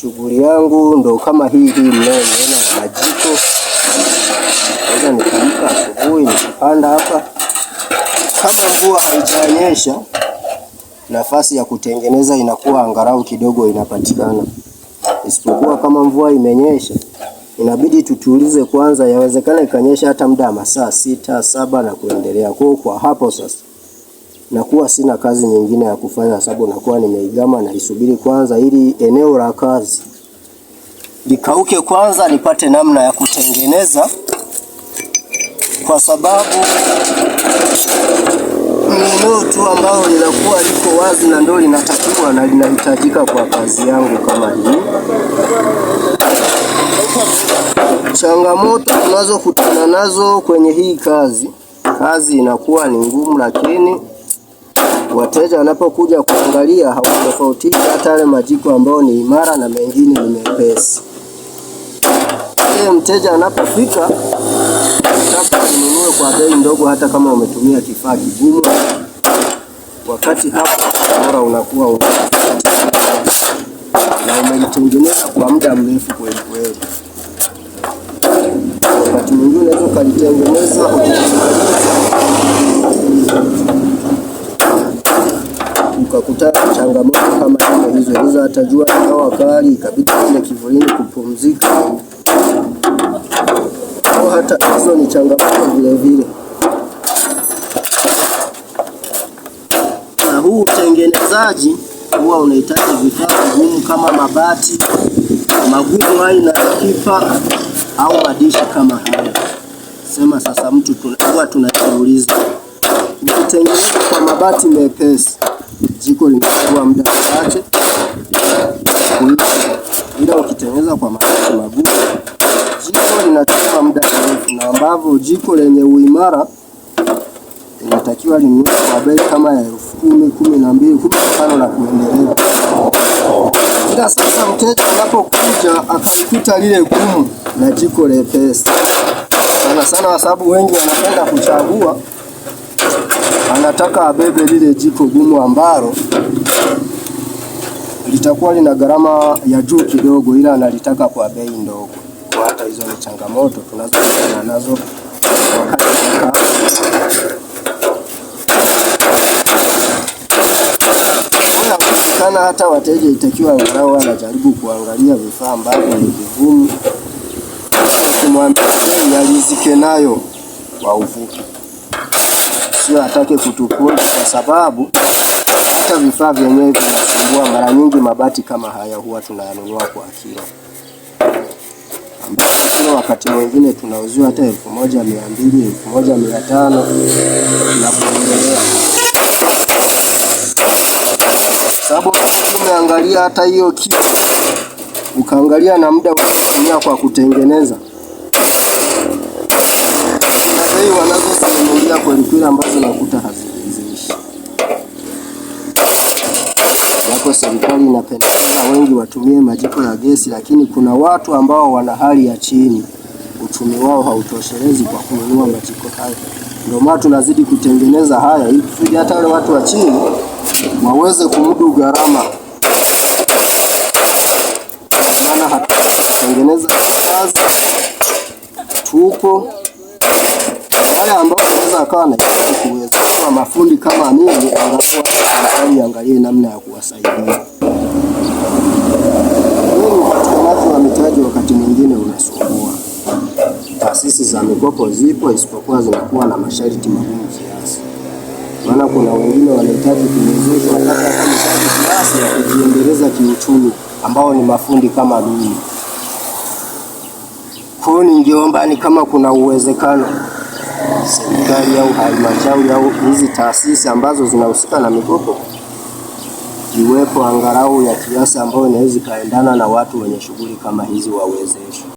Shughuli yangu ndo kama hii hii mnayoiona ya majiko. Naweza nikaamka asubuhi nikapanda hapa, kama mvua haijanyesha, nafasi ya kutengeneza inakuwa angalau kidogo inapatikana, isipokuwa kama mvua imenyesha inabidi tutulize kwanza, yawezekana ikanyesha hata muda wa masaa sita saba na kuendelea. Kwa kwa hapo sasa na kuwa sina kazi nyingine ya kufanya, sababu nakuwa nimeigama na isubiri kwanza, ili eneo la kazi likauke kwanza, nipate namna ya kutengeneza, kwa sababu eneo tu ambalo linakuwa liko wazi na ndio linatakiwa na linahitajika kwa kazi yangu kama hii. Changamoto tunazokutana nazo kwenye hii kazi, kazi inakuwa ni ngumu, lakini Wateja wanapokuja kuangalia hawatofautishi hata yale majiko ambayo ni imara na mengine ni mepesi. Ile mteja anapofika nataka ununue kwa bei ndogo, hata kama umetumia kifaa kigumu, wakati hapo bora unakuwa na umelitengeneza kwa muda mrefu kweli kweli. Wakati mwingine unaweza ukalitengeneza wakakutana changamoto kama hizo hizo, atajua hao kali, ikabidi kile kivulini kupumzika. hata hizo ni changamoto vile vile, na huu utengenezaji huwa unahitaji vifaa vigumu kama mabati magumu aina ya pipa au madishi kama haya. Sema sasa, mtu huwa tunajiuliza ukitengeneza kwa mabati mepesi jiko linachukua muda mchache kuiva, ila ukitengeneza kwa mafuta magumu jiko linachukua muda mrefu, na ambavyo jiko lenye uimara inatakiwa linunue kwa bei kama ya elfu kumi kumi na mbili kumi na tano na kuendelea. Ila sasa mteja anapokuja akalikuta lile gumu na jiko lepesi sana sana, kwa sababu wengi wanapenda kuchagua anataka abebe lile jiko gumu ambalo litakuwa lina gharama ya juu kidogo, ila analitaka kwa bei ndogo. Kwa hata hizo ni changamoto tunazokutana nazo wakati kupatikana. Hata wateja itakiwa angalau anajaribu kuangalia vifaa ambavyo ni vigumu, kumwambia alizike nayo kwa uvupi sio atake kutupoji, kwa sababu hata vifaa vyenyewe vinasumbua. Mara nyingi mabati kama haya huwa tunayanunua kwa kilo, ambapo kilo wakati mwingine tunauziwa hata elfu moja mia mbili elfu moja mia tano na kuendelea, sababu umeangalia hata hiyo kitu ukaangalia na muda unaotumia kwa kutengeneza wanazosimulia kwa kwelikweli, ambazo nakuta haziishi yako. Serikali inapendekeza wengi watumie majiko ya gesi, lakini kuna watu ambao wana hali ya chini, uchumi wao hautoshelezi kwa kununua majiko hayo. Ndio maana tunazidi kutengeneza haya ili kusudi hata wale watu wa chini waweze kumudu gharama. Maana hatutengeneza kazi tupo wale ambao wanaweza wakawa kuweza kuwezeshwa, mafundi kama mimi, angalau serikali iangalie namna ya kuwasaidia. Upatikanaji wa mitaji wakati mwingine unasumbua. Taasisi za mikopo zipo, isipokuwa zinakuwa na masharti magumu kiasi, maana kuna wengine wanahitaji kuwezeshwa kiasi ya kujiendeleza kiuchumi, ambao ni mafundi kama mimi. Kwa hiyo ningeomba ni kama kuna uwezekano serikali au halmashauri au hizi taasisi ambazo zinahusika na mikopo iwepo angalau ya kiasi ambayo inaweza ikaendana na watu wenye shughuli kama hizi wawezeshwe.